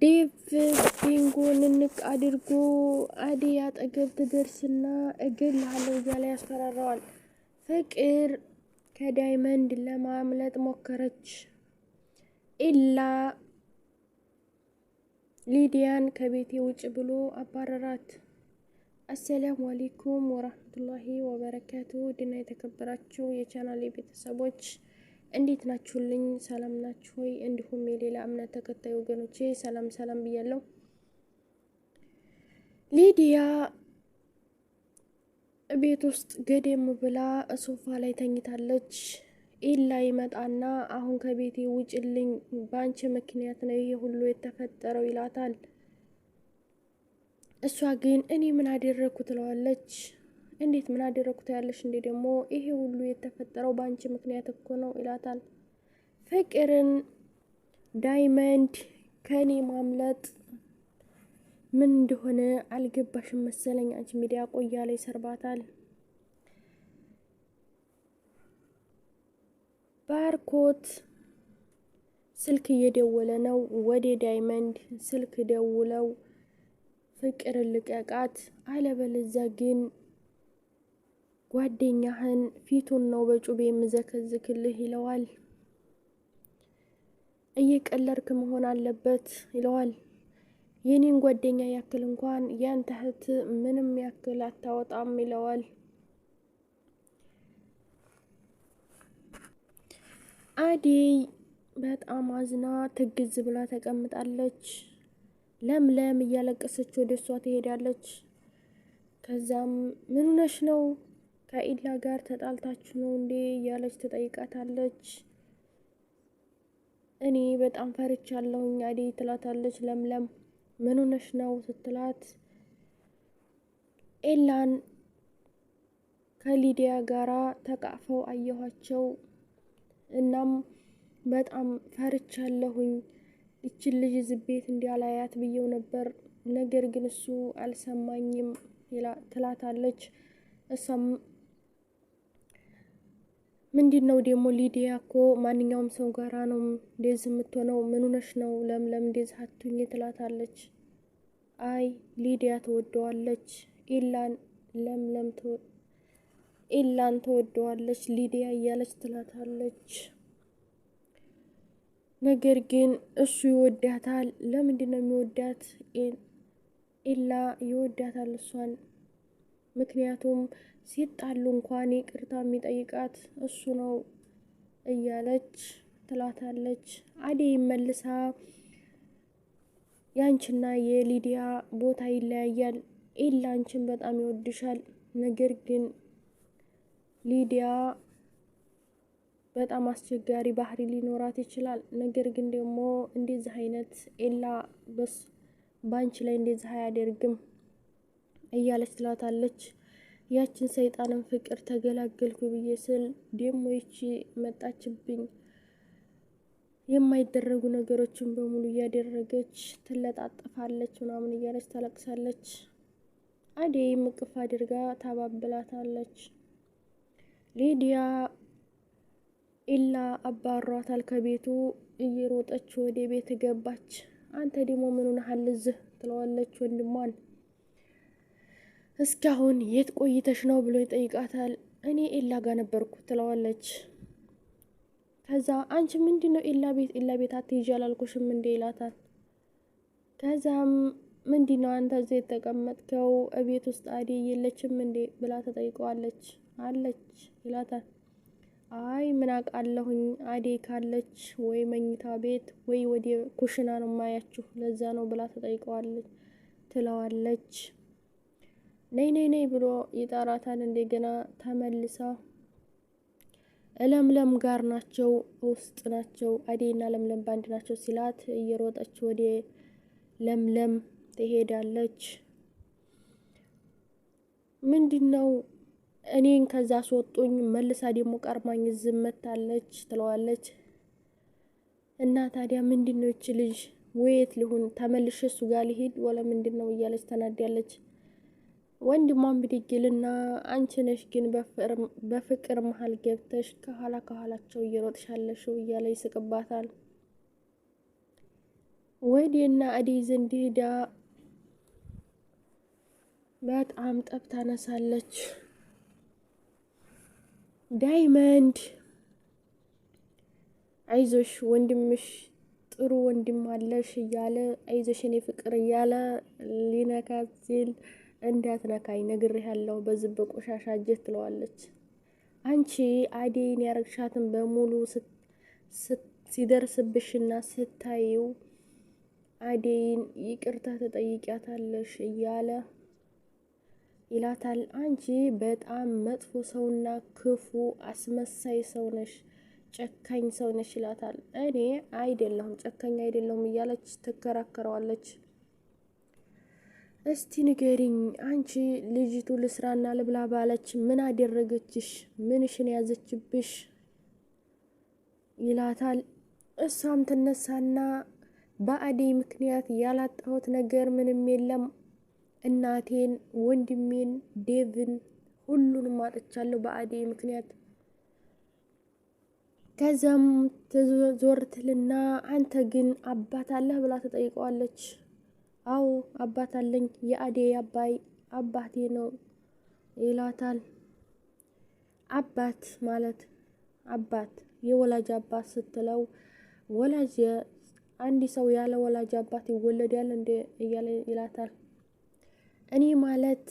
ዴቭ ቢንጎን ንቅ አድርጎ አደይ አጠገብ ትደርስና እግል ላለው እያለ ያስፈራረዋል። ፍቅር ከዳይመንድ ለማምለጥ ሞከረች። ኢላ ሊዲያን ከቤቴ ውጭ ብሎ አባረራት። አሰላሙ አሌይኩም ወራህመቱላሂ ወበረካቱ ድና የተከበራችሁ የቻናሌ ቤተሰቦች እንዴት ናችሁልኝ? ሰላም ናችሁ ወይ? እንዲሁም የሌላ እምነት ተከታይ ወገኖቼ ሰላም ሰላም ብያለሁ። ሊዲያ ቤት ውስጥ ገደም ብላ ሶፋ ላይ ተኝታለች። ኢላ ይመጣና አሁን ከቤቴ ውጭልኝ፣ በአንቺ ምክንያት ነው ይሄ ሁሉ የተፈጠረው ይላታል። እሷ ግን እኔ ምን አደረግኩ ትለዋለች። እንዴት ምን አደረግኩት ያለሽ እንዴ? ደግሞ ይሄ ሁሉ የተፈጠረው በአንቺ ምክንያት እኮ ነው ይላታል። ፍቅርን ዳይመንድ ከኔ ማምለጥ ምን እንደሆነ አልገባሽም መሰለኝ አንቺ ሚዲያ ቆያ ላይ ይሰርባታል። ባርኮት ስልክ እየደወለ ነው። ወደ ዳይመንድ ስልክ ደውለው ፍቅርን ልቀቃት አለበለዚያ ግን ጓደኛህን ፊቱን ነው በጩቤ የምዘከዝክልህ ይለዋል። እየቀለርክ መሆን አለበት ይለዋል። የኔን ጓደኛ ያክል እንኳን ያንተ እህት ምንም ያክል አታወጣም ይለዋል። አዴይ በጣም አዝና ትግዝ ብላ ተቀምጣለች። ለምለም እያለቀሰች ወደ እሷ ትሄዳለች። ከዛም ምን ነሽ ነው ከኢላ ጋር ተጣልታችሁ ነው እንዴ እያለች ትጠይቃታለች። እኔ በጣም ፈርቻለሁ አዴ ትላታለች። ለምለም ምን ሆነሽ ነው ስትላት ኤላን ከሊዲያ ጋራ ተቃፈው አየኋቸው። እናም በጣም ፈርቻለሁኝ። ይችን ልጅ ዝቤት እንዲያላያት ብየው ነበር፣ ነገር ግን እሱ አልሰማኝም ትላታለች እሷም ምንድን ነው ደግሞ ሊዲያ እኮ ማንኛውም ሰው ጋራ ነው እንደዚህ የምትሆነው። ምን ሆነሽ ነው? ለምለም እንደዚህ አትሁኝ ትላታለች። አይ ሊዲያ ትወደዋለች ኢላን፣ ለምለም ኢላን ተወደዋለች ሊዲያ እያለች ትላታለች። ነገር ግን እሱ ይወዳታል። ለምንድን ነው የሚወዳት? ኢላ ይወዳታል እሷን ምክንያቱም ሲጣሉ እንኳን ይቅርታ የሚጠይቃት እሱ ነው እያለች ትላታለች። አደይ መልሳ ያንቺና የሊዲያ ቦታ ይለያያል። ኤላ አንቺን በጣም ይወድሻል፣ ነገር ግን ሊዲያ በጣም አስቸጋሪ ባህሪ ሊኖራት ይችላል። ነገር ግን ደግሞ እንደዚህ አይነት ኤላ በስ ባንቺ ላይ እንደዚህ አያደርግም እያለች ትላታለች። ያችን ሰይጣንን ፍቅር ተገላገልኩ ብዬ ስል ደሞ ይቺ መጣችብኝ። የማይደረጉ ነገሮችን በሙሉ እያደረገች ትለጣጠፋለች፣ ምናምን እያለች ታለቅሳለች። አደይም እቅፍ አድርጋ ታባብላታለች። ሊዲያ ኢላ አባሯታል ከቤቱ እየሮጠች ወደ ቤት ገባች። አንተ ደግሞ ምን ሆነሃል እዚህ ትለዋለች ወንድሟን እስካሁን የት ቆይተሽ ነው ብሎ ይጠይቃታል። እኔ ኤላ ጋር ነበርኩ ትለዋለች። ከዛ አንቺ ምንድን ነው ኤላ ቤት ኤላ ቤት አትይዥ አላልኩሽም እንዴ ይላታል። ከዛም ምንድን ነው አንተ እዚህ የተቀመጥከው እቤት ውስጥ አደይ የለችም እንዴ ብላ ተጠይቀዋለች። አለች ይላታል። አይ ምን አውቃለሁኝ አዴ ካለች ወይ መኝታ ቤት ወይ ወደ ኩሽና ነው ማያችሁ፣ ለዛ ነው ብላ ተጠይቀዋለች ትለዋለች። ነይ ነይ ነይ ብሎ ይጠራታል። እንደገና ተመልሳ ለምለም ጋር ናቸው፣ ውስጥ ናቸው። አዴና ለምለም ባንድ ናቸው ሲላት እየሮጠች ወደ ለምለም ትሄዳለች። ምንድን ነው እኔን ከዛ ስወጡኝ መልሳ ደግሞ ቀርማኝ ዝመታለች ትለዋለች። እና ታዲያ ምንድን ነው ይች ልጅ ወየት ልሁን ተመልሼ እሱ ጋር ልሂድ ወለ ምንድን ነው እያለች ተናዳለች። ወንድሟን ብድግልና አንቺ ነሽ ግን በፍቅር መሀል ገብተሽ ከኋላ ከኋላቸው እየሮጥሻለሽው እያለ ይስቅባታል። ወዴና አደይ ዘንድ ሄዳ በጣም ጠብ ታነሳለች። ዳይመንድ አይዞሽ ወንድምሽ ጥሩ ወንድም አለሽ እያለ አይዞሽ እኔ ፍቅር እያለ ሊነካት ሲል እንዳትነካኝ ነግሬሃለሁ፣ በዚህ በቆሻሻ እጅህ ትለዋለች። አንቺ አዴይን ያረግሻትን በሙሉ ሲደርስብሽና ስታይው አዴይን ይቅርታ ተጠይቂያታለሽ እያለ ይላታል። አንቺ በጣም መጥፎ ሰውና ክፉ አስመሳይ ሰው ነሽ፣ ጨካኝ ሰው ነሽ ይላታል። እኔ አይደለሁም ጨካኝ አይደለሁም እያለች ትከራከረዋለች። እስቲ ንገሪኝ አንቺ ልጅቱ ልስራና ልብላ ባለች ምን አደረገችሽ? ምንሽን ያዘችብሽ? ይላታል። እሷም ትነሳና በአደይ ምክንያት ያላጣሁት ነገር ምንም የለም፣ እናቴን፣ ወንድሜን፣ ዴቭን ሁሉንም አጥቻለሁ በአደይ ምክንያት። ከዚያም ትዞርትልና ትልና አንተ ግን አባት አለህ ብላ ትጠይቀዋለች። አዎ አባት አለኝ የአደይ አባይ አባቴ ነው ይላታል። አባት ማለት አባት የወላጅ አባት ስትለው ወላጅ አንድ ሰው ያለ ወላጅ አባት ይወለዳል እንደ እያለ ይላታል። እኔ ማለት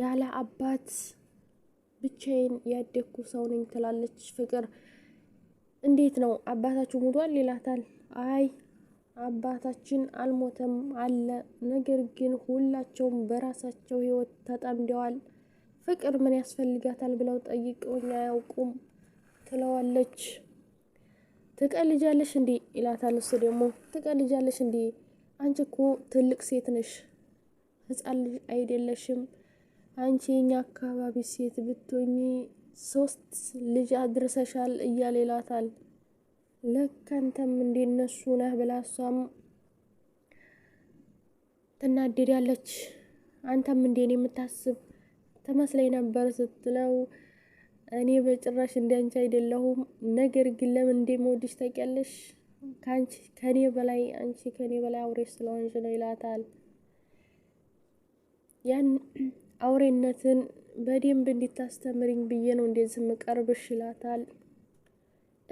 ያለ አባት ብቻዬን ያደግኩ ሰው ነኝ ትላለች ፍቅር። እንዴት ነው አባታችሁ ሙቷል? ይላታል። አይ አባታችን አልሞተም አለ። ነገር ግን ሁላቸውም በራሳቸው ሕይወት ተጠምደዋል። ፍቅር ምን ያስፈልጋታል ብለው ጠይቀውኝ አያውቁም ትለዋለች። ትቀልጃለሽ እንዴ ይላታል። እሱ ደግሞ ትቀልጃለሽ እንዴ አንቺ እኮ ትልቅ ሴት ነሽ፣ ሕፃን ልጅ አይደለሽም። አንቺ የኛ አካባቢ ሴት ብትሆኚ ሶስት ልጅ አድርሰሻል እያለ ይላታል። ለካ እንደነሱ ነህ ብላ እሷም ትናደዳለች። አንተም እንደኔ የምታስብ ትመስለኝ ነበር ስትለው እኔ በጭራሽ እንዳንቺ አይደለሁም። ነገር ግን ለምን እንደምወድሽ ታውቂያለሽ? ከአንቺ ከኔ በላይ አንቺ ከኔ በላይ አውሬ ስለሆንሽ ነው ይላታል። ያን አውሬነትን በደንብ እንዲታስተምርኝ ብዬ ነው እንደዚህ የምቀርብሽ ይላታል።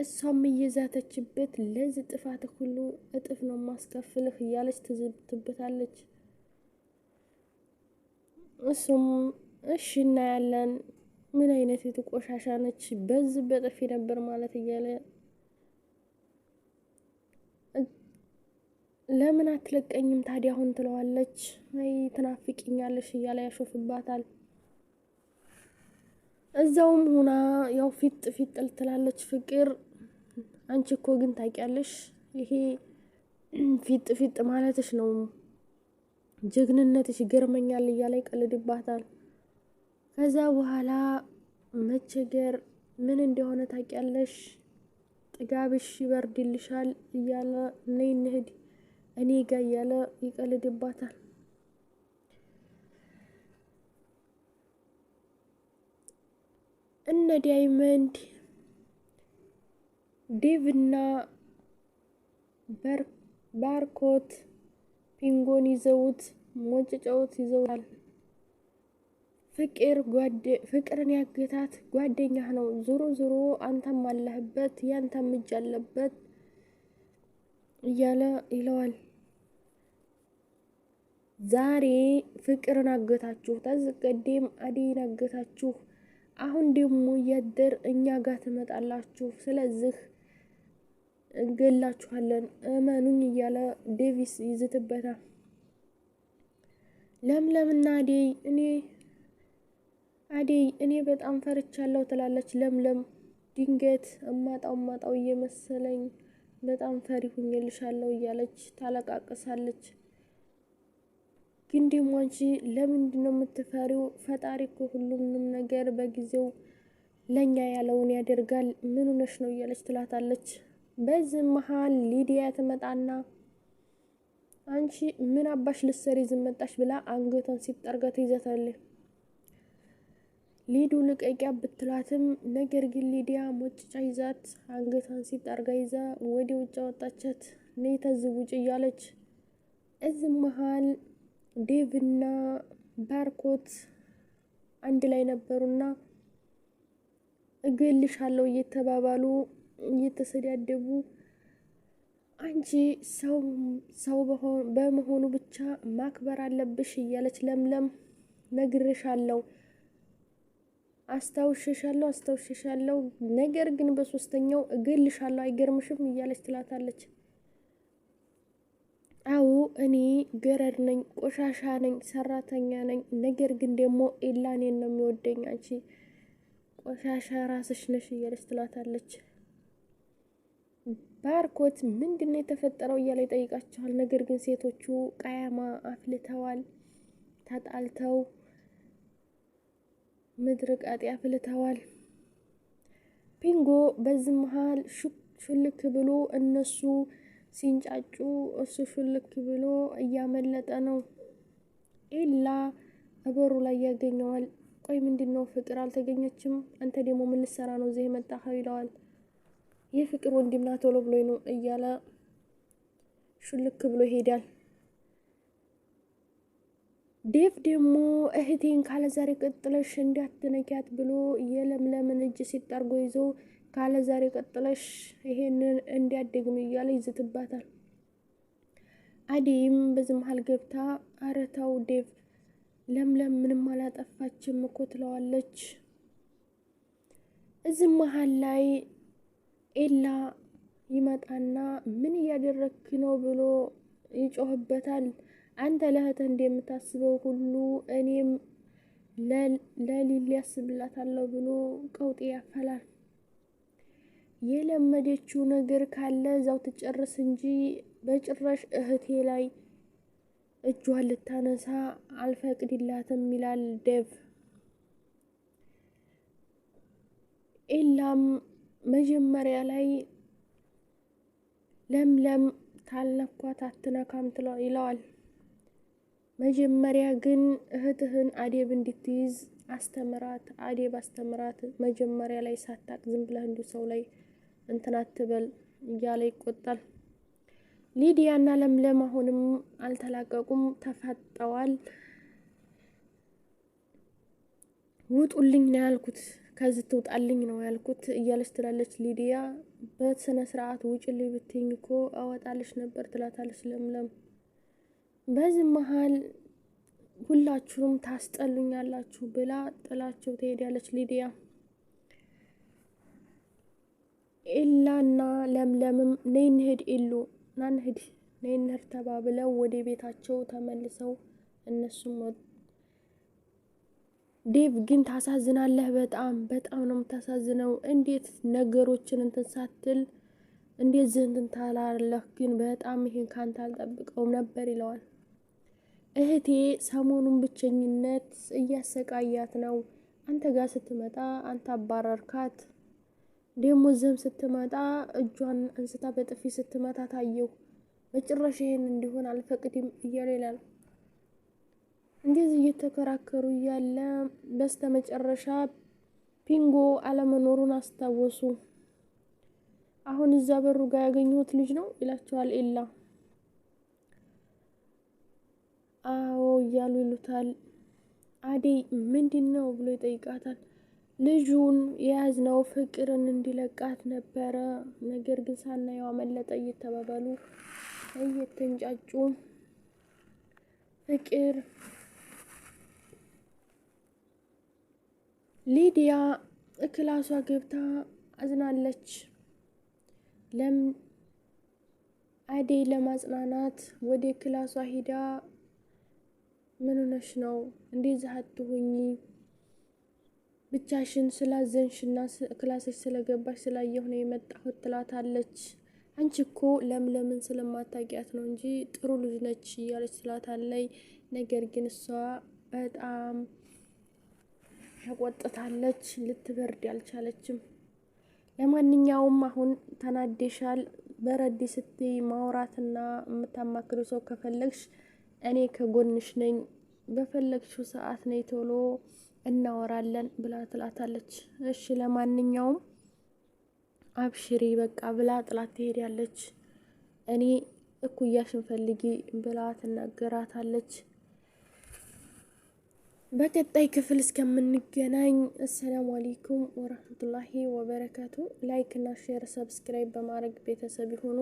እሷም እየዛተችበት ለዚህ ጥፋት ሁሉ እጥፍ ነው ማስከፍልህ እያለች ትዝብትበታለች። እሱም እሺ እናያለን፣ ምን አይነት የቱ ቆሻሻ ነች፣ በዚህ በጥፊ ነበር ማለት እያለ ለምን አትለቀኝም ታዲያ አሁን ትለዋለች። አይ ትናፍቅኛለሽ እያለ ያሾፍባታል። እዛውም ሆና ያው ፊት ፊት ጥልትላለች ትላለች ፍቅር አንቺ እኮ ግን ታውቂያለሽ ይሄ ፊጥ ፊጥ ማለትሽ ነው ጀግንነትሽ ይገርመኛል እያለ ይቀልድባታል። ከዛ በኋላ መቸገር ምን እንደሆነ ታውቂያለሽ፣ ጥጋብሽ ይበርድልሻል እያለ ነይ እንሂድ እኔ ጋ እያለ ይቀልድባታል። እነ ዳይመንድ ዴቭና ባርኮት ፒንጎን ይዘውት ሞጭጫውት ይዘውታል። ፍቅርን ያገታት ጓደኛህ ነው። ዞሮ ዞሮ አንተም አለህበት፣ ያንተም እጅ አለበት እያለ ይለዋል። ዛሬ ፍቅርን አገታችሁ፣ ተዝቀደም አደይን አገታችሁ፣ አሁን ደግሞ እያደር እኛ ጋር ትመጣላችሁ። ስለዚህ እንገላችኋለን እመኑኝ እያለ ዴቪስ ይዝትበታል። ለምለም አዴይ እኔ አዴይ እኔ በጣም ፈርቻለሁ ትላለች። ለምለም ድንገት እማጣው እማጣው እየመሰለኝ በጣም ፈሪ ሁኝልሻለሁ እያለች ታለቃቅሳለች። ግን ደግሞ አንቺ ለምንድን ነው የምትፈሪው? ፈጣሪ እኮ ሁሉንም ነገር በጊዜው ለእኛ ያለውን ያደርጋል። ምን ነሽ ነው እያለች ትላታለች። በዚህ መሀል ሊዲያ ትመጣና አንቺ ምን አባሽ ልትሰሪ ዝመጣሽ ብላ አንገቷን ሲጠርጋ ትይዛታለች። ሊዱ ልቀቂያ ብትላትም ነገር ግን ሊዲያ ሞጭጫ ይዛት አንገቷን ሲጠርጋ ይዛ ወደ ውጭ አወጣቻት። ነይ ተዝብ ውጭ እያለች እዚህ መሀል ዴቭና ባርኮት አንድ ላይ ነበሩና እገልሻለሁ እየተባባሉ እየተሰዳደቡ አንቺ ሰው በመሆኑ ብቻ ማክበር አለብሽ እያለች ለምለም ነግርሻለሁ፣ አስታውሽሻለሁ፣ አስታውሽሻለሁ ነገር ግን በሶስተኛው እገልሻለሁ አይገርምሽም እያለች ትላታለች። አዎ እኔ ገረድ ነኝ፣ ቆሻሻ ነኝ፣ ሰራተኛ ነኝ። ነገር ግን ደግሞ ኤላ እኔን ነው የሚወደኝ። አንቺ ቆሻሻ ራስሽ ነሽ እያለች ትላታለች። ባርኮት ምንድን ነው የተፈጠረው እያለ ይጠይቃቸዋል። ነገር ግን ሴቶቹ ቀያማ አፍልተዋል፣ ተጣልተው ምድር ቃጤ አፍልተዋል። ፒንጎ በዚህ መሀል ሹልክ ብሎ እነሱ ሲንጫጩ እሱ ሹልክ ብሎ እያመለጠ ነው። ኤላ በሩ ላይ ያገኘዋል። ቆይ ምንድን ነው ፍቅር አልተገኘችም? አንተ ደግሞ ምን ልትሰራ ነው እዚህ የመጣኸው? ይለዋል። የፍቅር ና ቶሎ ብሎ ነው እያለ ሹልክ ብሎ ይሄዳል። ዴቭ ደግሞ እህቴን ካለ ዛሬ ቀጥለሽ እንዳትነኪያት ብሎ የለምለምን እጅ ሲጠርጎ ይዞ ካለ ዛሬ ቀጥለሽ ይሄንን እንዲያደግም እያለ ይዝትባታል። አዴይም በዚህ መሀል ገብታ አረታው ዴቭ ለምለም ምንም አላጠፋችም እኮ ትለዋለች። እዚህ መሀል ላይ ኤላ ይመጣና ምን እያደረግክ ነው ብሎ ይጮህበታል። አንተ ለህተ እንደምታስበው ሁሉ እኔም ለሊል ያስብላታለሁ ብሎ ቀውጤ ያፈላል። የለመደችው ነገር ካለ እዛው ትጨርስ እንጂ በጭራሽ እህቴ ላይ እጇን ልታነሳ አልፈቅድላትም ይላል ዴቭ ኤላም መጀመሪያ ላይ ለምለም ታልነኳት አትነካም ይለዋል። መጀመሪያ ግን እህትህን አዴብ እንድትይዝ አስተምራት፣ አዴብ አስተምራት። መጀመሪያ ላይ ሳታቅ ዝም ብለህ እንዱ ሰው ላይ እንትን አትበል እያለ ይቆጣል። ሊዲያና ለምለም አሁንም አልተላቀቁም፣ ተፋጠዋል። ውጡልኝ ነው ያልኩት ከዚህ ትውጣልኝ ነው ያልኩት እያለች ትላለች ሊዲያ። በስነ ስርዓት ውጭልኝ ብትኝ እኮ አወጣልሽ ነበር ትላታለች ለምለም። በዚህ መሀል ሁላችሁም ታስጠሉኛላችሁ ብላ ጥላቸው ትሄዳለች ሊዲያ። ኤላና ለምለምም ነይ እንሂድ ኤሉ ና እንሂድ ነይ እንሂድ ተባብለው ወደ ቤታቸው ተመልሰው እነሱም ወጡ። ዴቭ ግን ታሳዝናለህ። በጣም በጣም ነው የምታሳዝነው። እንዴት ነገሮችን እንትን ሳትል እንዴት ዝንትን ታላለህ? ግን በጣም ይሄን ካንተ አልጠብቀውም ነበር ይለዋል። እህቴ ሰሞኑን ብቸኝነት እያሰቃያት ነው። አንተ ጋር ስትመጣ አንተ አባረርካት። ደግሞ ዘም ስትመጣ እጇን እንስታ በጥፊ ስትመታ ታየው። በጭራሽ ይሄን እንዲሆን አልፈቅድም እያለ ይላል። እንደዚህ እየተከራከሩ እያለ በስተመጨረሻ ፒንጎ አለመኖሩን አስታወሱ። አሁን እዛ በሩ ጋር ያገኘሁት ልጅ ነው ይላቸዋል ኤላ። አዎ እያሉ ይሉታል። አደይ ምንድን ነው ብሎ ይጠይቃታል። ልጁን የያዝነው ፍቅርን እንዲለቃት ነበረ፣ ነገር ግን ሳናየው አመለጠ እየተባባሉ እየተንጫጩ ፍቅር ሊዲያ ክላሷ ገብታ አዝናለች። ለም አደይ ለማጽናናት ወደ ክላሷ ሂዳ ምን ሆነሽ ነው? እንደዚህ አትሁኚ፣ ብቻሽን ስላዘንሽና ክላስሽ ስለገባሽ ስላየሁ ነው የመጣሁት ትላታለች። አንቺ እኮ ለምለምን ስለማታውቂያት ነው እንጂ ጥሩ ልጅ ነች እያለች ትላታለች። ነገር ግን እሷ በጣም ተቆጥታለች። ልትበርድ አልቻለችም። ለማንኛውም አሁን ተናደሻል። በረድ ስትይ ማውራትና የምታማክሪ ሰው ከፈለግሽ እኔ ከጎንሽ ነኝ፣ በፈለግሽው ሰዓት ነይ፣ ቶሎ እናወራለን ብላ ትላታለች። እሺ ለማንኛውም አብሽሪ በቃ ብላ ጥላት ትሄዳለች። እኔ እኩያሽን ፈልጊ ብላ ትናገራታለች። በቀጣይ ክፍል እስከምንገናኝ አሰላሙ አሌይኩም ወረህመቱላሂ ወበረካቱ። ላይክ እና ሼር ሰብስክራይብ በማድረግ ቤተሰብ ይሁኑ።